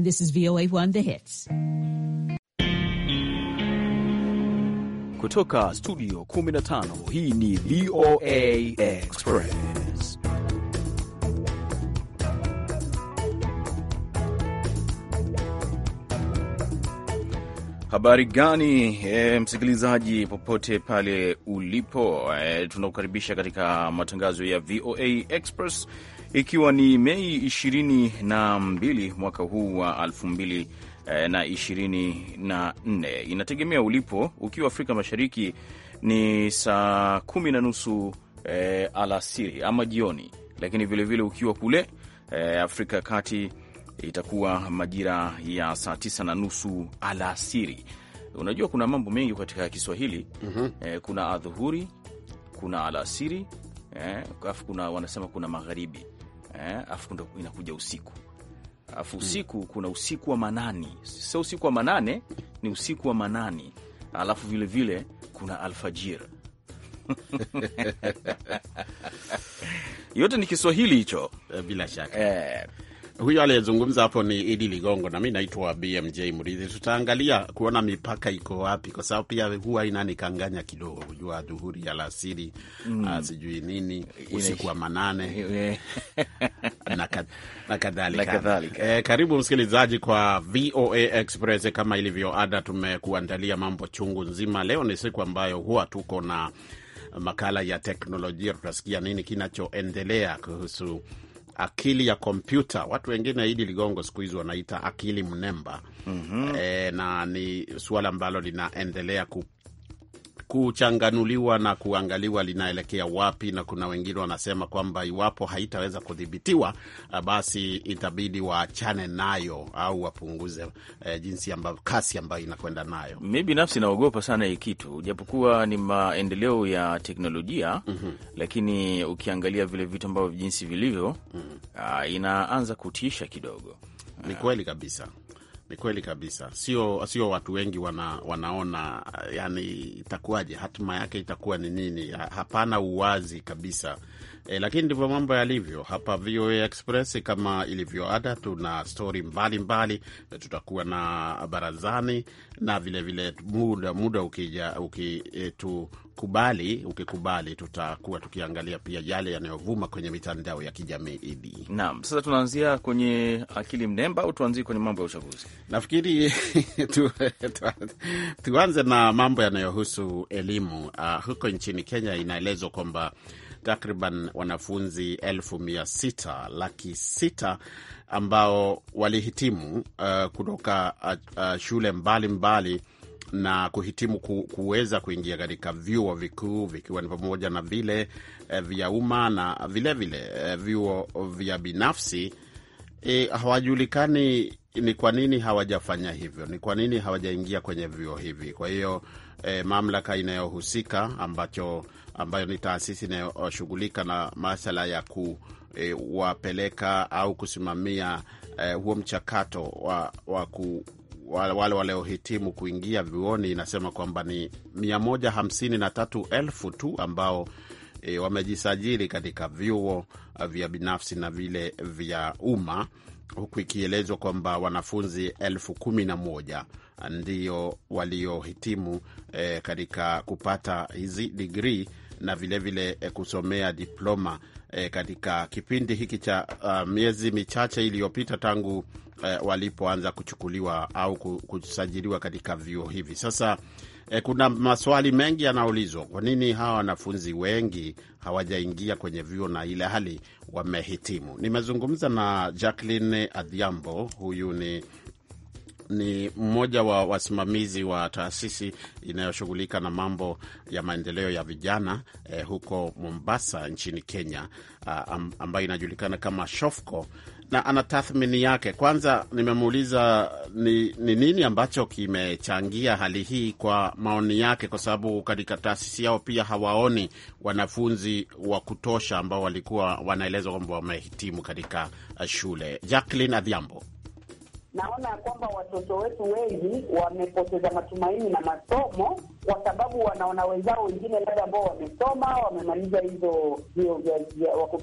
and this is VOA1 The Hits. Kutoka studio 15 hii ni VOA Express. Habari gani e, msikilizaji popote pale ulipo e, tunakukaribisha katika matangazo ya VOA Express ikiwa ni Mei 22 mwaka huu wa 2024. Eh, Inategemea ulipo. Ukiwa Afrika Mashariki ni saa kumi na nusu e, alasiri ama jioni, lakini vilevile vile ukiwa kule e, Afrika ya Kati itakuwa majira ya saa tisa na nusu alasiri. Unajua kuna mambo mengi katika Kiswahili mm -hmm. E, kuna adhuhuri, kuna alasiri eh, afu kuna wanasema kuna magharibi eh, afu inakuja usiku afu hmm. usiku kuna usiku wa manani, sio usiku wa manane, ni usiku wa manani, alafu vilevile vile, kuna alfajir yote ni Kiswahili hicho, eh, bila shaka eh. Huyo aliyezungumza hapo ni Idi Ligongo na mi naitwa BMJ Mridhi. Tutaangalia kuona mipaka iko wapi, kwa sababu pia huwa inanikanganya kidogo kujua dhuhuri ya alasiri, mm, ah, sijui nini, usiku wa manane na kadhalika. Eh, karibu msikilizaji kwa VOA Express. Kama ilivyo ada, tumekuandalia mambo chungu nzima. Leo ni siku ambayo huwa tuko na makala ya teknolojia, tutasikia nini kinachoendelea kuhusu akili ya kompyuta. Watu wengine Idi Ligongo siku hizi wanaita akili mnemba. mm -hmm. E, na ni suala ambalo linaendelea kuchanganuliwa na kuangaliwa linaelekea wapi, na kuna wengine wanasema kwamba iwapo haitaweza kudhibitiwa, ah, basi itabidi waachane nayo au wapunguze eh, jinsi amba, kasi ambayo inakwenda nayo. Mi binafsi naogopa sana hii kitu, japokuwa ni maendeleo ya teknolojia mm -hmm. Lakini ukiangalia vile vitu ambavyo jinsi vilivyo mm -hmm. uh, inaanza kutisha kidogo. Ni kweli kabisa. Ni kweli kabisa, sio sio watu wengi wana, wanaona yani itakuwaje, hatima yake itakuwa ni nini? Hapana uwazi kabisa E, lakini ndivyo mambo yalivyo hapa VOA Express. Kama ilivyo ada, tuna stori mbalimbali, eh, tutakuwa na barazani na vilevile vile muda, muda ukija ukitukubali, eh, ukikubali tutakuwa tukiangalia pia yale yanayovuma kwenye mitandao ya kijamii idi. Naam, sasa tunaanzia kwenye akili mnemba au tuanzie kwenye mambo ya uchaguzi? Nafikiri tu, tu, tuanze na mambo yanayohusu elimu. Uh, huko nchini Kenya inaelezwa kwamba takriban wanafunzi elfu mia sita laki sita ambao walihitimu uh, kutoka uh, uh, shule mbalimbali mbali na kuhitimu kuweza kuingia katika vyuo vikuu vikiwa ni pamoja na vile uh, vya umma na vilevile vile, eh, vyuo vya binafsi e, hawajulikani ni kwa nini hawajafanya hivyo, ni kwa nini hawajaingia kwenye vyuo hivi. Kwa hiyo eh, mamlaka inayohusika ambacho ambayo ni taasisi inayoshughulika na masala ya kuwapeleka e, au kusimamia e, huo mchakato wa, wa ku, wale waliohitimu kuingia vyuoni inasema kwamba ni 153,000 tu ambao e, wamejisajili katika vyuo vya binafsi na vile vya umma huku ikielezwa kwamba wanafunzi elfu ndio waliohitimu e, katika kupata hizi digrii na vilevile vile eh, kusomea diploma eh, katika kipindi hiki cha uh, miezi michache iliyopita tangu eh, walipoanza kuchukuliwa au kusajiliwa katika vyuo hivi sasa. Eh, kuna maswali mengi yanaulizwa, kwa nini hawa wanafunzi wengi hawajaingia kwenye vyuo na ile hali wamehitimu? Nimezungumza na Jacqueline Adhiambo, huyu ni ni mmoja wa wasimamizi wa taasisi inayoshughulika na mambo ya maendeleo ya vijana eh, huko Mombasa nchini Kenya, ah, ambayo inajulikana kama Shofco na ana tathmini yake. Kwanza nimemuuliza ni, ni nini ambacho kimechangia hali hii kwa maoni yake, kwa sababu katika taasisi yao pia hawaoni wanafunzi wa kutosha ambao walikuwa wanaelezwa kwamba wamehitimu katika ah, shule. Jacqueline Adhiambo naona kwamba watoto wetu wengi wamepoteza matumaini na masomo kwa sababu wanaona wenzao wengine labda ambao wamesoma wamemaliza hizo hiyo,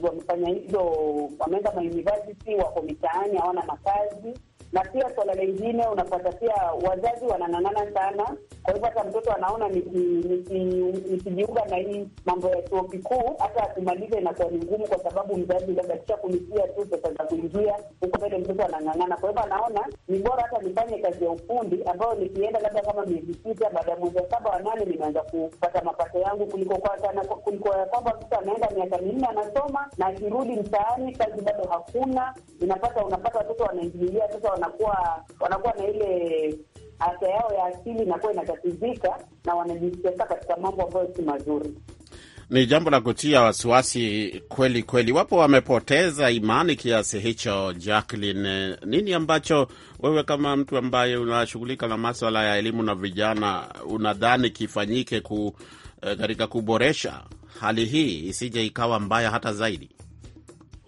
wamefanya hizo, wameenda mauniversity, wako mitaani, hawana makazi na pia swala lingine unapata pia wazazi wanang'ang'ana sana. Kwa hivyo hata mtoto anaona nikijiunga na hii mambo ya chuo kikuu, hata akimaliza inakuwa ni ngumu, kwa sababu mzazi labda kisha kulipia tu pesa za kuingia huko mbele, mtoto anang'ang'ana. Kwa hivyo anaona ni bora hata nifanye kazi ya ufundi ambayo nikienda labda kama miezi sita, baada ya mwezi wa saba wa nane nimeanza kupata mapato yangu, kuliko kuliko ya kwamba mtoto anaenda miaka minne anasoma na akirudi mtaani kazi bado hakuna. Inapata unapata watoto wanaingilia sasa wanakuwa wanakuwa na ile afya yao ya asili inakuwa inatatizika na wanajisiasa katika mambo ambayo si mazuri. Ni jambo la kutia wasiwasi kweli kweli. Wapo wamepoteza imani kiasi hicho. Jacqueline, nini ambacho wewe kama mtu ambaye unashughulika na maswala ya elimu na vijana unadhani kifanyike ku eh, katika kuboresha hali hii isije ikawa mbaya hata zaidi?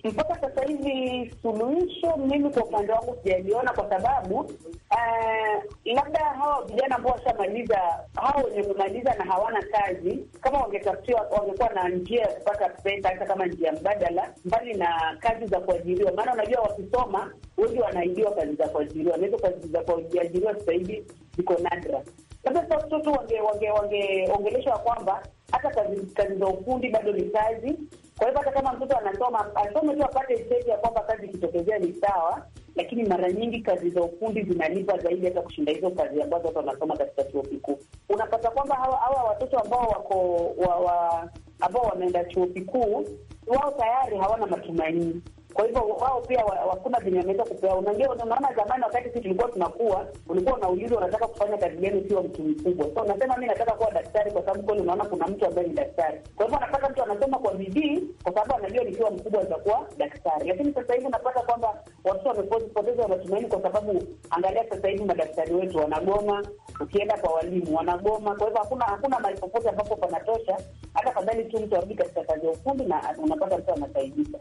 Mpaka sasa hivi suluhisho mimi kwa upande wangu sijaliona, kwa sababu uh, labda hawa vijana ambao washamaliza, hawa wenye kumaliza na hawana kazi, kama wangetafutiwa, wangekuwa na njia ya kupata pesa, hata kama njia mbadala, mbali na kazi za kuajiriwa. Maana unajua wakisoma wengi wanaidiwa kazi za kuajiriwa, na hizo kazi za kuajiriwa sasa hivi ziko nadra. Sasa watoto wangeongeleshwa wange, wange, kwamba hata kazi, kazi za ufundi bado ni kazi. Kwa hivyo hata kama mtoto anasoma asome tu apate cheti ya kwamba kazi ikitokezea ni sawa, lakini mara nyingi kazi za ufundi zinalipa zaidi hata kushinda hizo kazi ambazo watu wanasoma katika chuo kikuu. Unapata kwamba hawa, hawa watoto ambao wako wa, wa, ambao wameenda chuo kikuu wao tayari hawana matumaini kwa hivyo wao pia hakuna venye wameweza kupewa. Unajua, unaona zamani wakati sisi tulikuwa tunakuwa, ulikuwa unaulizwa unataka kufanya kazi gani ukiwa mtu mkubwa. So unasema mi nataka kuwa daktari, kwa sababu kweli unaona kuna mtu ambaye ni daktari. Kwa hivyo anapata mtu anasoma kwa bidii, kwa sababu anajua nikiwa mkubwa nitakuwa daktari. Lakini sasa hivi unapata kwamba watoto wamepoteza matumaini, kwa sababu angalia sasa hivi madaktari wetu wanagoma, ukienda kwa walimu wanagoma. Kwa hivyo hakuna hakuna mahali popote ambapo panatosha, hata fadhali tu mtu arudi katika kazi ya ufundi na unapata mtu anasaidika.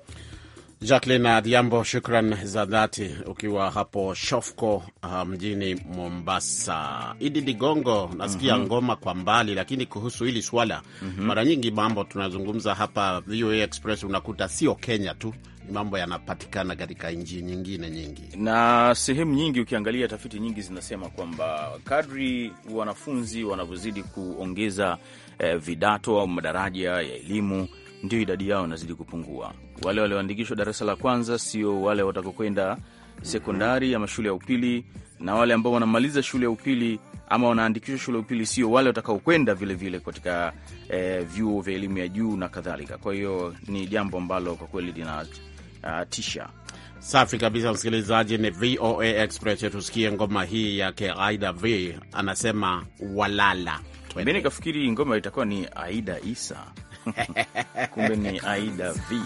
Jacqueline Adhiambo, shukran za dhati ukiwa hapo Shofko ah, mjini Mombasa. Idi Ligongo, nasikia mm -hmm. ngoma kwa mbali, lakini kuhusu hili swala mm -hmm. mara nyingi mambo tunazungumza hapa VOA Express unakuta sio Kenya tu mambo yanapatikana katika nchi nyingine nyingi na sehemu nyingi. Ukiangalia tafiti nyingi zinasema kwamba kadri wanafunzi wanavyozidi kuongeza eh, vidato au madaraja ya elimu ndio idadi yao inazidi kupungua. Wale walioandikishwa darasa la kwanza sio wale watakokwenda sekondari ama shule ya upili, na wale ambao wanamaliza shule ya upili ama wanaandikishwa shule ya upili sio wale watakaokwenda vilevile katika e, vyuo vya elimu ya juu na kadhalika. Kwa hiyo ni jambo ambalo kwa kweli linatisha. safi kabisa. Msikilizaji, ni VOA Express, tusikie ngoma hii yake Aida V anasema walala. Mi nikafikiri ngoma itakuwa ni Aida Isa kumbe ni Aida V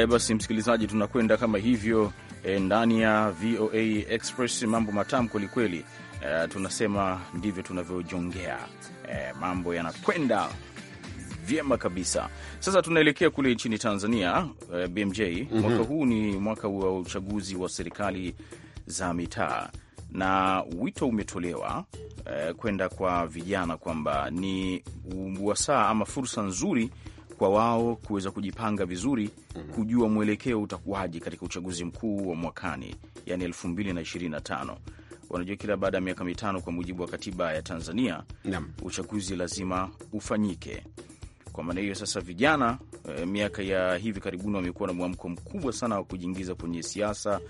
Haya basi, msikilizaji, tunakwenda kama hivyo eh, ndani ya VOA Express. Mambo matamu kwelikweli. E, eh, tunasema ndivyo tunavyojongea. e, mambo yanakwenda vyema kabisa. Sasa tunaelekea kule nchini Tanzania. e, BMJ mm -hmm. Mwaka huu ni mwaka wa uchaguzi wa serikali za mitaa na wito umetolewa e, kwenda kwa vijana kwamba ni wasaa ama fursa nzuri kwa wao kuweza kujipanga vizuri mm -hmm. kujua mwelekeo utakuwaje katika uchaguzi mkuu wa mwakani, yani 225 Wanajua kila baada ya miaka mitano kwa mujibu wa katiba ya Tanzania Nam. uchaguzi lazima ufanyike. Kwa maana hiyo sasa, vijana eh, miaka ya hivi karibuni wamekuwa na mwamko mkubwa sana wa kujiingiza kwenye siasa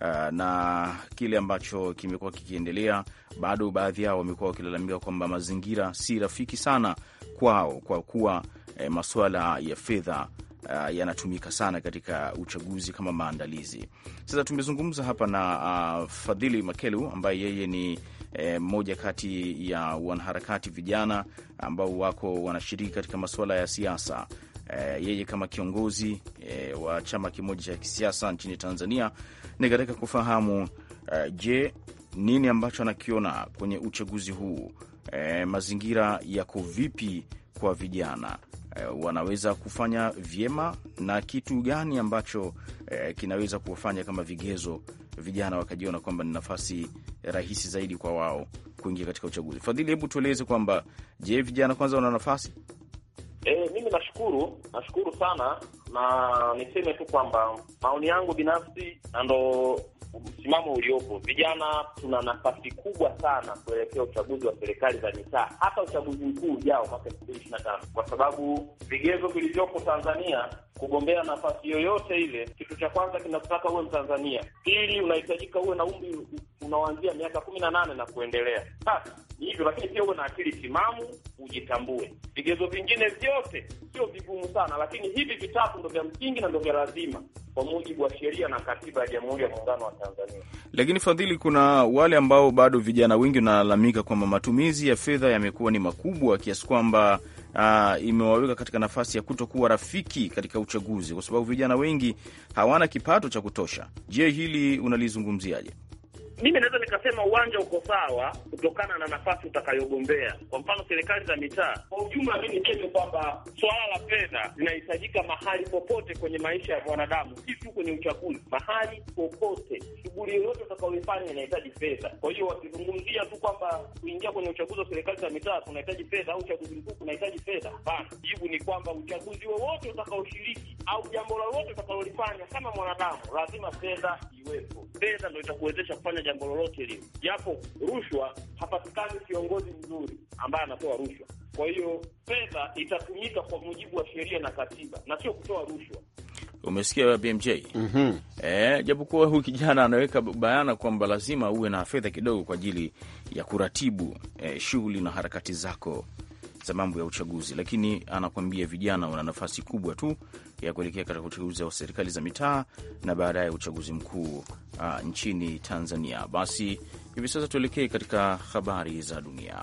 uh, na kile ambacho kimekuwa kikiendelea, bado baadhi yao wamekuwa wakilalamika kwamba mazingira si rafiki sana kwao kwa kuwa eh, masuala ya fedha Uh, yanatumika sana katika uchaguzi kama maandalizi. Sasa tumezungumza hapa na uh, Fadhili Makelu ambaye yeye ni eh, mmoja eh, kati ya wanaharakati vijana ambao wako wanashiriki katika masuala ya siasa eh, yeye kama kiongozi e, wa chama kimoja cha kisiasa nchini Tanzania, ni katika kufahamu e, je, nini ambacho anakiona kwenye uchaguzi huu e, mazingira yako vipi kwa vijana e, wanaweza kufanya vyema na kitu gani ambacho e, kinaweza kuwafanya kama vigezo vijana wakajiona kwamba ni nafasi rahisi zaidi kwa wao kuingia katika uchaguzi. Fadhili, hebu tueleze kwamba je, vijana kwanza wana nafasi nashukuru, nashukuru sana, na niseme tu kwamba maoni yangu binafsi na ndo msimamo uliopo, vijana tuna nafasi kubwa sana kuelekea uchaguzi wa serikali za mitaa, hata uchaguzi mkuu ujao mwaka elfu mbili ishirini na tano, kwa sababu vigezo vilivyopo Tanzania kugombea nafasi yoyote ile, kitu cha kwanza kinakutaka uwe Mtanzania, pili unahitajika uwe na umri unaoanzia miaka kumi na nane na kuendelea. Sasa hivyo, lakini pia uwe na akili timamu, ujitambue. Vigezo vingine vyote sio vigumu sana, lakini hivi vitatu ndo vya msingi na ndo vya lazima kwa mujibu wa sheria na katiba ya Jamhuri ya Muungano wa Tanzania. Lakini Fadhili, kuna wale ambao bado vijana wengi wanalalamika kwamba matumizi ya fedha yamekuwa ni makubwa kiasi kwamba Uh, imewaweka katika nafasi ya kutokuwa rafiki katika uchaguzi, kwa sababu vijana wengi hawana kipato cha kutosha. Je, hili unalizungumziaje? Mimi naweza nikasema uwanja uko sawa kutokana na nafasi utakayogombea. Kwa mfano, serikali za mitaa kwa ujumla, mi niseme kwamba swala la fedha linahitajika mahali popote kwenye maisha ya mwanadamu, si tu kwenye uchaguzi. Mahali popote, shughuli yoyote utakaoifanya inahitaji fedha. Kwa hiyo wakizungumzia tu kwamba kuingia kwenye uchaguzi wa serikali za mitaa kunahitaji fedha au uchaguzi mkuu kunahitaji fedha, hapana. Jibu ni kwamba uchaguzi wowote utakaoshiriki au jambo lolote utakalolifanya kama mwanadamu, lazima fedha iwepo. Fedha ndo itakuwezesha kufanya jambo lolote lile, japo rushwa, hapatikani kiongozi mzuri ambaye anatoa rushwa. Kwa hiyo fedha itatumika kwa mujibu wa sheria na katiba na sio kutoa rushwa. Umesikia BMJ? mm -hmm. E, eh, japokuwa huyu kijana anaweka bayana kwamba lazima uwe na fedha kidogo kwa ajili ya kuratibu eh, shughuli na harakati zako za mambo ya uchaguzi, lakini anakuambia vijana wana nafasi kubwa tu ya kuelekea katika uchaguzi wa serikali za mitaa na baadaye uchaguzi mkuu uh, nchini Tanzania. Basi hivi sasa tuelekee katika habari za dunia.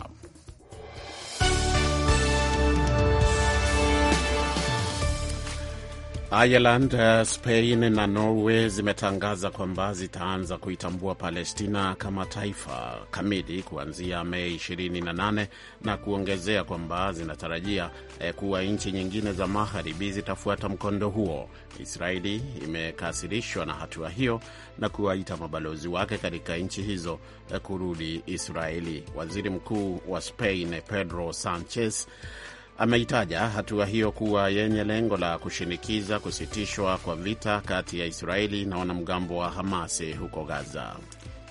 Ireland, eh, Spain na Norway zimetangaza kwamba zitaanza kuitambua Palestina kama taifa kamili kuanzia Mei 28 na kuongezea kwamba zinatarajia eh, kuwa nchi nyingine za magharibi zitafuata mkondo huo. Israeli imekasirishwa na hatua hiyo na kuwaita mabalozi wake katika nchi hizo eh, kurudi Israeli. Waziri Mkuu wa Spain Pedro Sanchez ameitaja hatua hiyo kuwa yenye lengo la kushinikiza kusitishwa kwa vita kati ya Israeli na wanamgambo wa Hamasi huko Gaza.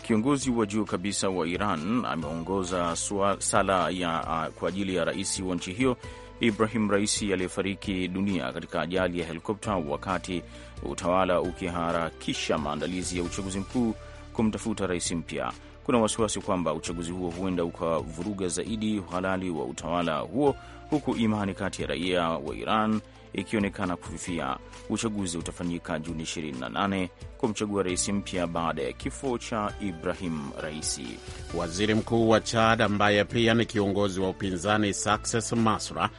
Kiongozi wa juu kabisa wa Iran ameongoza sala ya, uh, kwa ajili ya rais wa nchi hiyo Ibrahim Raisi aliyefariki dunia katika ajali ya helikopta wakati utawala ukiharakisha maandalizi ya uchaguzi mkuu kumtafuta rais mpya kuna wasiwasi kwamba uchaguzi huo huenda ukavuruga zaidi uhalali wa utawala huo, huku imani kati ya raia wa Iran ikionekana kufifia. Uchaguzi utafanyika Juni 28 kumchagua rais mpya baada ya kifo cha Ibrahim Raisi. Waziri Mkuu wa Chad ambaye pia ni kiongozi wa upinzani Success Masra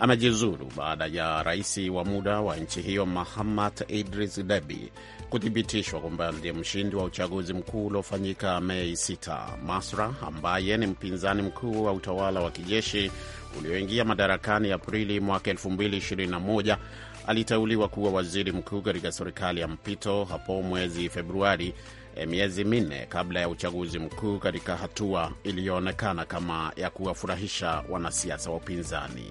amejizuru baada ya rais wa muda wa nchi hiyo Mahamat Idris debi kuthibitishwa kwamba ndiye mshindi wa uchaguzi mkuu uliofanyika Mei 6. Masra ambaye ni mpinzani mkuu wa utawala wa kijeshi ulioingia madarakani Aprili mwaka 2021 aliteuliwa kuwa waziri mkuu katika serikali ya mpito hapo mwezi Februari, eh, miezi minne kabla ya uchaguzi mkuu, katika hatua iliyoonekana kama ya kuwafurahisha wanasiasa wa upinzani.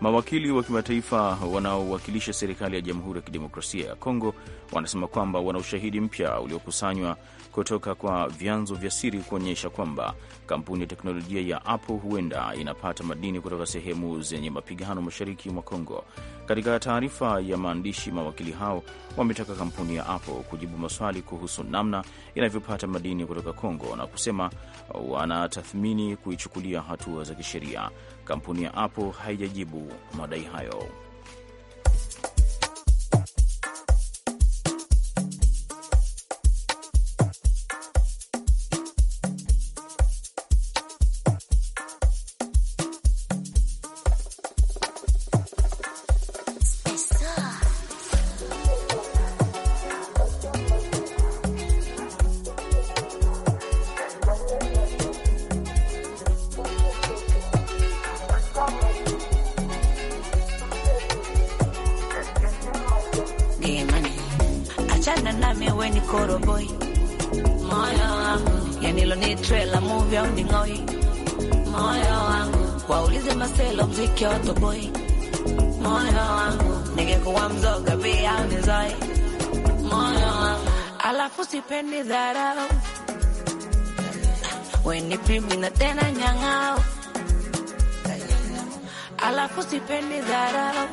Mawakili wa kimataifa wanaowakilisha serikali ya Jamhuri ya Kidemokrasia ya Kongo wanasema kwamba wana ushahidi mpya uliokusanywa kutoka kwa vyanzo vya siri kuonyesha kwamba kampuni ya teknolojia ya Apple huenda inapata madini kutoka sehemu zenye mapigano mashariki mwa Kongo. Katika taarifa ya maandishi, mawakili hao wametaka kampuni ya Apple kujibu maswali kuhusu namna inavyopata madini kutoka Kongo na kusema wanatathmini kuichukulia hatua za kisheria. Kampuni ya Apple haijajibu madai hayo. unipimwi na tena nyang'ao, alafu sipendi dharau,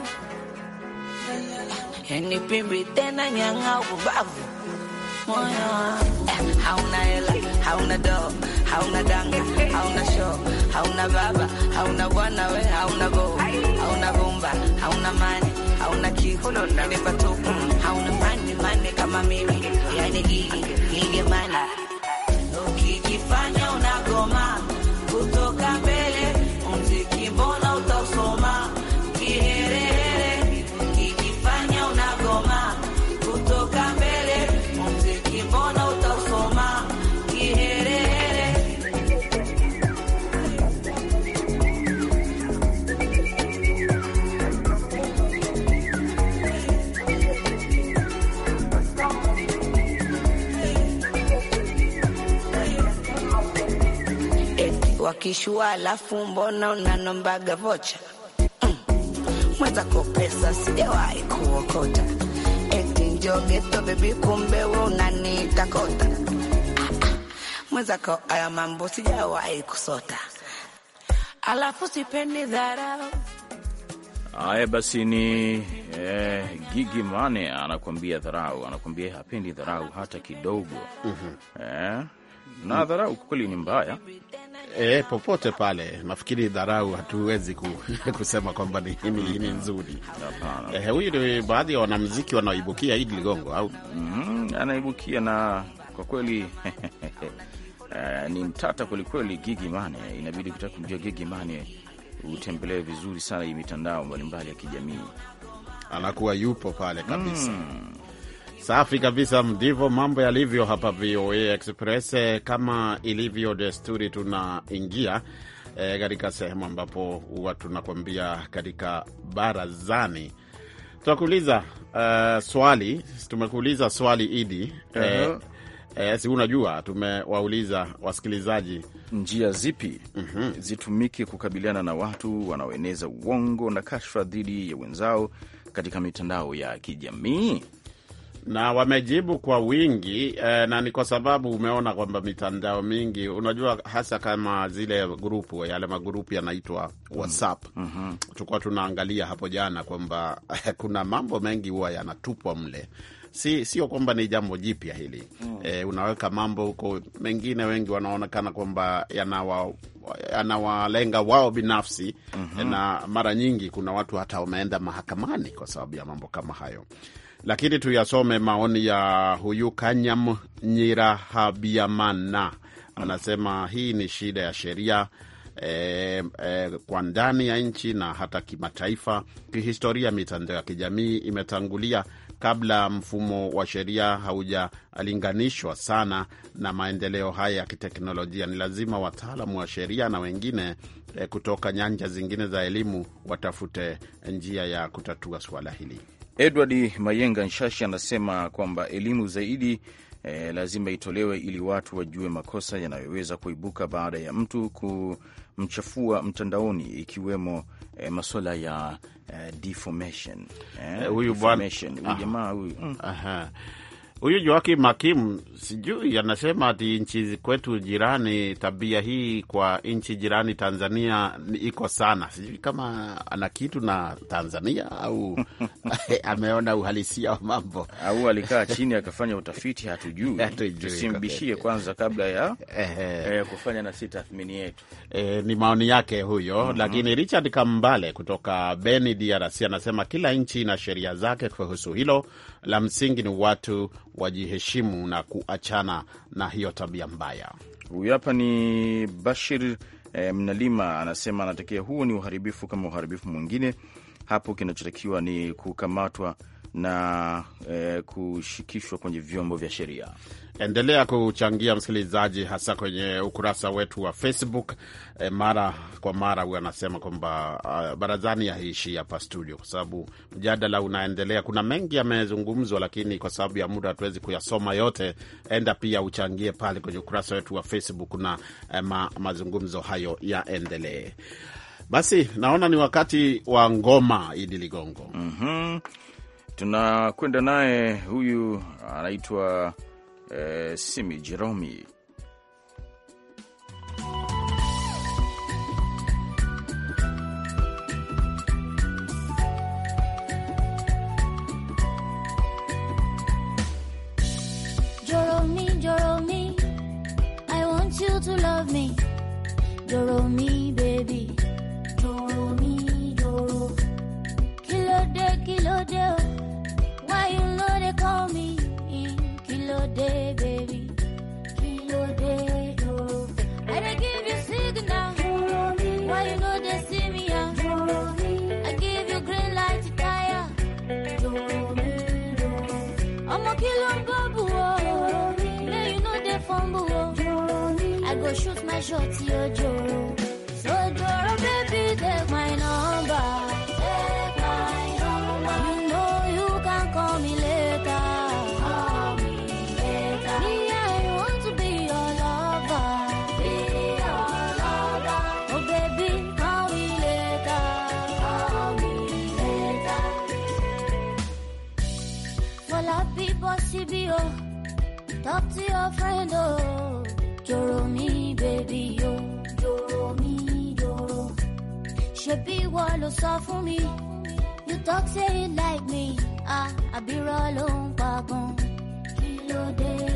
unipimwi eh, tena nyang'ao, ubavu moyo eh, hauna hela, hauna do, hauna danga, hauna show, hauna baba, hauna bwana, we hauna go, hauna bumba, hauna mani, hauna kiho, nimepa tupu, hauna mani mani kama mimi, yani gigi gigi mani wakishua, alafu mbona unanombaga vocha mm? mwenzako pesa sijawahi kuokota, eti njogeto bebi, kumbe we unanitakota. Mwenzako aya mambo sijawahi kusota, alafu sipendi dharau. Haya basi, ni eh, Gigi Mane anakuambia dharau, anakuambia hapendi dharau hata kidogo. mm -hmm. eh, na dharau kweli ni mbaya E, popote pale nafikiri dharau hatuwezi kusema kwamba ni ni mm-hmm. nzuri. Eh, huyu ni baadhi ya wanamziki wanaoibukia Idi Ligongo au mm, anaibukia na kwa kweli Uh, ni mtata kwelikweli. Gigi Mane, inabidi kutaka kumjua Gigi Mane utembelee vizuri sana hii mitandao mbalimbali ya kijamii, anakuwa yupo pale kabisa mm. Safi kabisa, ndivyo mambo yalivyo hapa VOA Express. Eh, kama ilivyo desturi, tunaingia eh, katika e, sehemu ambapo huwa tunakuambia katika barazani tunakuuliza uh, eh, swali. Tumekuuliza swali Idi, uh -huh. e, Eh, si unajua tumewauliza wasikilizaji njia zipi mm -hmm. zitumike kukabiliana na watu wanaoeneza uongo na kashfa dhidi ya wenzao katika mitandao ya kijamii na wamejibu kwa wingi eh, na ni kwa sababu umeona kwamba mitandao mingi, unajua hasa kama zile grupu, yale magrupu yanaitwa mm-hmm. WhatsApp mm -hmm. Tulikuwa tunaangalia hapo jana kwamba eh, kuna mambo mengi huwa yanatupwa mle Si, sio kwamba ni jambo jipya hili mm. E, unaweka mambo huko mengine, wengi wanaonekana kwamba yanawalenga wa, wao binafsi mm -hmm. Na mara nyingi kuna watu hata wameenda mahakamani kwa sababu ya mambo kama hayo lakini tuyasome maoni ya huyu Kanyam Nyirahabiamana. Anasema hii ni shida ya sheria E, e, kwa ndani ya nchi na hata kimataifa. Kihistoria, mitandao ya kijamii imetangulia kabla mfumo wa sheria haujalinganishwa sana na maendeleo haya ya kiteknolojia. Ni lazima wataalamu wa sheria na wengine e, kutoka nyanja zingine za elimu watafute njia ya kutatua suala hili. Edward Mayenga Nshashi anasema kwamba elimu zaidi e, lazima itolewe ili watu wajue makosa yanayoweza kuibuka baada ya mtu kumchafua mtandaoni ikiwemo e, eh, masuala ya e, eh, defamation. E, huyu ah. jamaa huyu hmm. Huyu Joakim Hakim sijui anasema ati nchi kwetu jirani, tabia hii kwa nchi jirani Tanzania iko sana. Sijui kama ana kitu na Tanzania au ameona uhalisia wa mambo au alikaa chini akafanya utafiti, hatujui. Tusimbishie kwanza kabla ya eh, kufanya si tathmini yetu. Eh, ni maoni yake huyo. mm -hmm. Lakini Richard Kambale kutoka Beni, DRC anasema kila nchi ina sheria zake kuhusu hilo la msingi ni watu wajiheshimu na kuachana na hiyo tabia mbaya. Huyu hapa ni Bashir eh, Mnalima anasema, anatokea huu ni uharibifu kama uharibifu mwingine. Hapo kinachotakiwa ni kukamatwa na eh, kushikishwa kwenye vyombo vya sheria. Endelea kuchangia msikilizaji, hasa kwenye ukurasa wetu wa Facebook. E, mara kwa mara huyo anasema kwamba uh, barazani haiishi hapa studio, kwa sababu mjadala unaendelea. Kuna mengi yamezungumzwa, lakini kwa sababu ya muda hatuwezi kuyasoma yote. Enda pia uchangie pale kwenye ukurasa wetu wa Facebook na eh, ma, mazungumzo hayo yaendelee. Basi naona ni wakati wa ngoma, Idi Ligongo. mm -hmm. Tunakwenda naye huyu anaitwa eh, Simi Jeromi I'm a killer babu. Now you know they fumble. I go shoot my shot, yo, Joe. your friend, oh. Joro mi, baby, yo. Oh. Joro mi, joro. She be what lo so for me. You talk, say it like me. Ah, I be rolling, babon. Kilo day.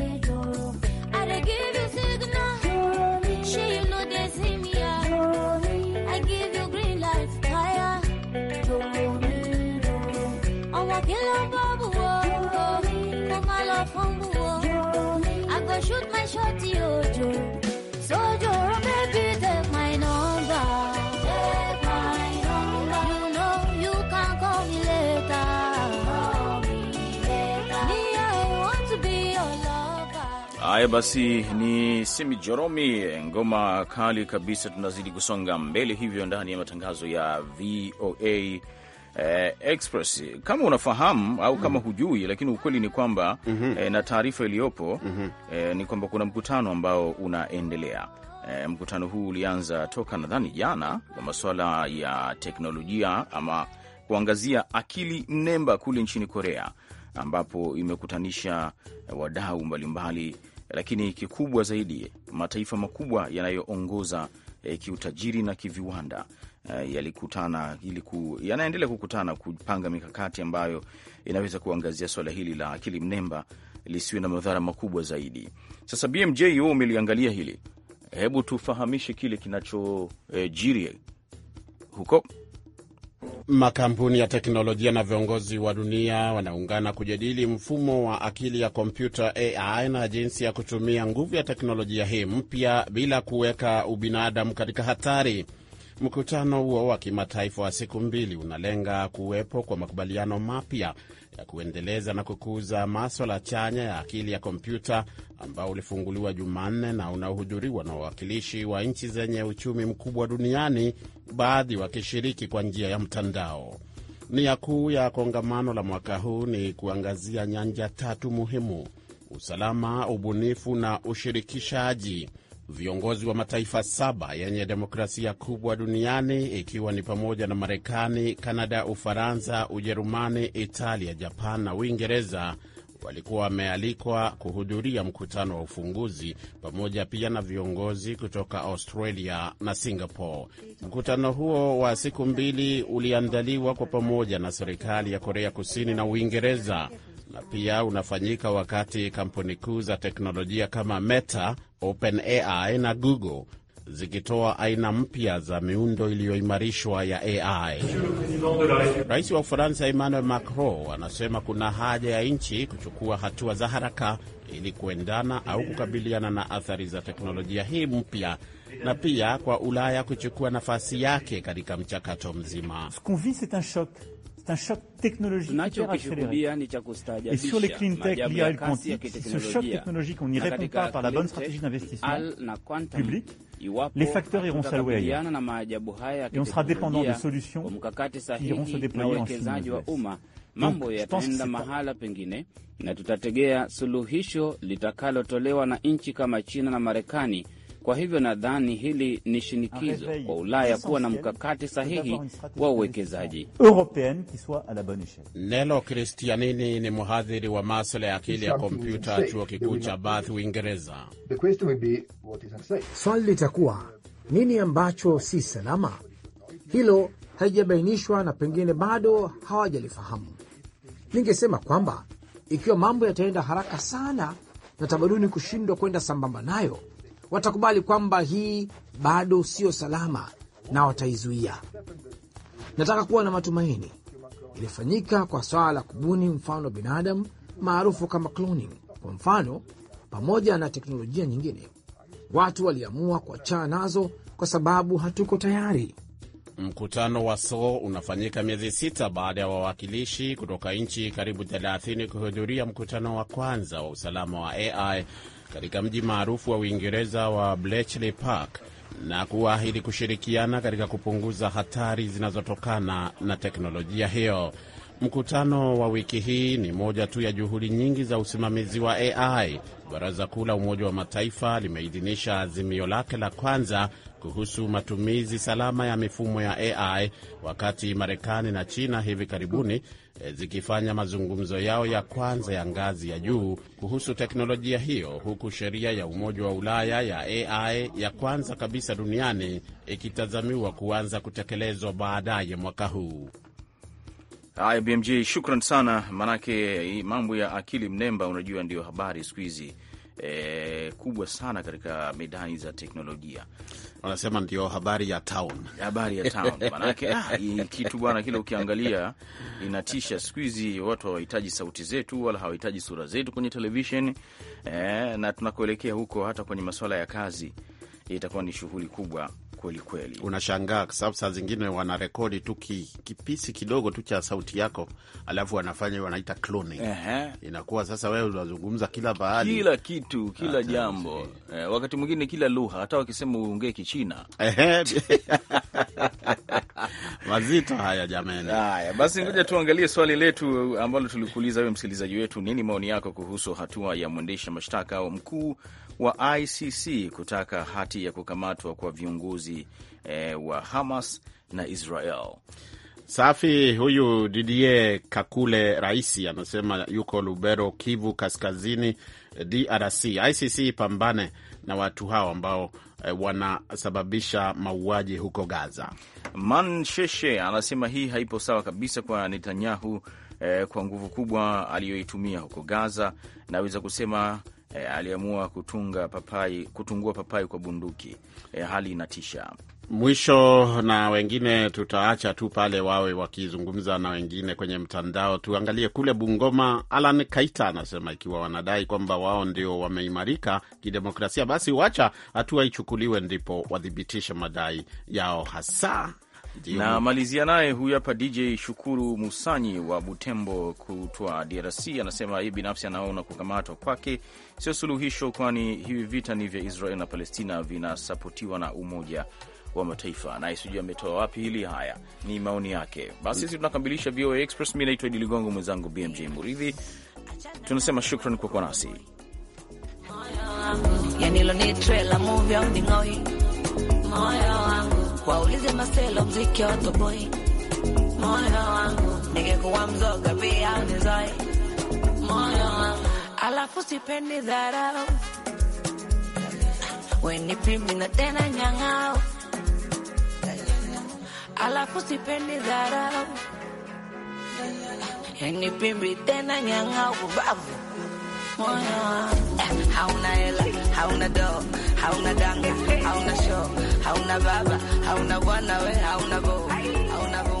Haya basi, ni Simi Joromi, ngoma kali kabisa. Tunazidi kusonga mbele hivyo ndani ya matangazo ya VOA Eh, Express kama unafahamu au kama mm hujui, lakini ukweli ni kwamba mm -hmm. eh, na taarifa iliyopo mm -hmm. eh, ni kwamba kuna mkutano ambao unaendelea. eh, mkutano huu ulianza toka nadhani jana kwa masuala ya teknolojia ama kuangazia akili mnemba kule nchini Korea ambapo imekutanisha eh, wadau mbalimbali lakini kikubwa zaidi, mataifa makubwa yanayoongoza eh, kiutajiri na kiviwanda eh, yalikutana ili ku, yanaendelea kukutana kupanga mikakati ambayo inaweza kuangazia swala hili la akili mnemba lisiwe na madhara makubwa zaidi. Sasa BMJ, wewe umeliangalia hili, hebu tufahamishe kile kinachojiri eh, huko Makampuni ya teknolojia na viongozi wa dunia wanaungana kujadili mfumo wa akili ya kompyuta AI na jinsi ya kutumia nguvu ya teknolojia hii mpya bila kuweka ubinadamu katika hatari. Mkutano huo wa kimataifa wa siku mbili unalenga kuwepo kwa makubaliano mapya ya kuendeleza na kukuza maswala chanya ya akili ya kompyuta ambao ulifunguliwa Jumanne na unaohudhuriwa na wawakilishi wa nchi zenye uchumi mkubwa duniani, baadhi wakishiriki kwa njia ya mtandao. Nia kuu ya kongamano la mwaka huu ni kuangazia nyanja tatu muhimu: usalama, ubunifu na ushirikishaji. Viongozi wa mataifa saba yenye demokrasia kubwa duniani ikiwa ni pamoja na Marekani, Kanada, Ufaransa, Ujerumani, Italia, Japan na Uingereza walikuwa wamealikwa kuhudhuria mkutano wa ufunguzi pamoja pia na viongozi kutoka Australia na Singapore. Mkutano huo wa siku mbili uliandaliwa kwa pamoja na serikali ya Korea Kusini na Uingereza na pia unafanyika wakati kampuni kuu za teknolojia kama Meta, OpenAI na Google zikitoa aina mpya za miundo iliyoimarishwa ya AI. Rais wa Ufaransa Emmanuel Macron anasema kuna haja ya nchi kuchukua hatua za haraka ili kuendana au kukabiliana na athari za teknolojia hii mpya na pia kwa Ulaya kuchukua nafasi yake katika mchakato mzima. C'est un choc technologique hyper Et sur les clean tech, l'IA et le quantique, ce choc technologique, on n'y répond pas par la bonne stratégie d'investissement public. Les facteurs iront s'allouer ailleurs. Et on sera dépendant des solutions qui iront se déployer en Chine. Mambo yataenda mahala pengine na tutategea Kwa hivyo nadhani hili ni shinikizo kwa Ulaya kuwa na mkakati sahihi wa uwekezaji. Nelo Kristianini ni mhadhiri wa masuala ya akili ya kompyuta chuo kikuu cha Bath, Uingereza. Swali litakuwa nini ambacho si salama? Hilo halijabainishwa na pengine bado hawajalifahamu. Ningesema kwamba ikiwa mambo yataenda haraka sana na tamaduni kushindwa kwenda sambamba nayo watakubali kwamba hii bado sio salama na wataizuia. Nataka kuwa na matumaini. Ilifanyika kwa swala la kubuni mfano wa binadamu maarufu kama cloning. Kwa mfano, pamoja na teknolojia nyingine, watu waliamua kuachana nazo kwa sababu hatuko tayari. Mkutano wa so unafanyika miezi sita baada ya wawakilishi kutoka nchi karibu 30 kuhudhuria mkutano wa kwanza wa usalama wa AI katika mji maarufu wa Uingereza wa Bletchley Park na kuahidi kushirikiana katika kupunguza hatari zinazotokana na teknolojia hiyo. Mkutano wa wiki hii ni moja tu ya juhudi nyingi za usimamizi wa AI. Baraza Kuu la Umoja wa Mataifa limeidhinisha azimio lake la kwanza kuhusu matumizi salama ya mifumo ya AI wakati Marekani na China hivi karibuni eh, zikifanya mazungumzo yao ya kwanza ya ngazi ya juu kuhusu teknolojia hiyo, huku sheria ya Umoja wa Ulaya ya AI ya kwanza kabisa duniani ikitazamiwa kuanza kutekelezwa baadaye mwaka huu. Haya, BMJ, shukran sana, maanake mambo ya akili mnemba, unajua ndio habari siku hizi e, kubwa sana katika medani za teknolojia wanasema ndio habari ya town, habari ya town manake ah, kitu bwana kile, ukiangalia inatisha. Siku hizi watu hawahitaji sauti zetu wala hawahitaji sura zetu kwenye televishen e, eh, na tunakuelekea huko, hata kwenye masuala ya kazi itakuwa ni shughuli kubwa kweli kweli. Unashangaa kwa sababu saa zingine wanarekodi tu kipisi kidogo tu cha sauti yako, alafu wanafanya wanaita cloning. Inakuwa sasa wewe unazungumza kila bahali, kila kitu, kila jambo eh, wakati mwingine kila lugha, hata wakisema uongee Kichina mazito haya jamani. Haya basi, ngoja tuangalie swali letu ambalo tulikuuliza wewe msikilizaji wetu, nini maoni yako kuhusu hatua ya mwendesha mashtaka mkuu wa ICC kutaka hati ya kukamatwa kwa viongozi viongozi eh, wa Hamas na Israel. Safi. Huyu Didier Kakule raisi anasema yuko Lubero, Kivu Kaskazini, DRC. ICC ipambane na watu hao ambao eh, wanasababisha mauaji huko Gaza. Mansheshe anasema hii haipo sawa kabisa kwa Netanyahu eh, kwa nguvu kubwa aliyoitumia huko Gaza, naweza kusema e, aliamua kutunga papai, kutungua papai kwa bunduki e, hali inatisha mwisho na wengine tutaacha tu pale wawe wakizungumza na wengine kwenye mtandao. Tuangalie kule Bungoma, Alan Kaita anasema ikiwa wanadai kwamba wao ndio wameimarika kidemokrasia, basi wacha hatua ichukuliwe ndipo wathibitishe madai yao hasa na malizia naye huyu hapa DJ Shukuru Musanyi wa Butembo kutwa DRC anasema hii binafsi anaona kukamatwa kwake sio suluhisho, kwani hivi vita ni vya Israel na Palestina vinasapotiwa na Umoja wa Mataifa, naye sijui ametoa wapi hili. Haya ni maoni yake. Basi sisi tunakamilisha VOA Express. Mi naitwa Idi Ligongo, mwenzangu BMJ Muridhi, tunasema shukran kwa kuwa nasi. Moyo wangu, yani waulize maselo mziki wa toboi moyo wangu ningekuwa mzoga pia nizoe moyo wangu alafu sipendi dharau weni pimbi na tena nyang'ao alafu sipendi dharau weni pimbi tena nyang'ao kubavu moyo wangu eh, hauna hela hauna do hauna danga, hauna show, hauna baba, hauna bwana we, hauna bo, hauna bo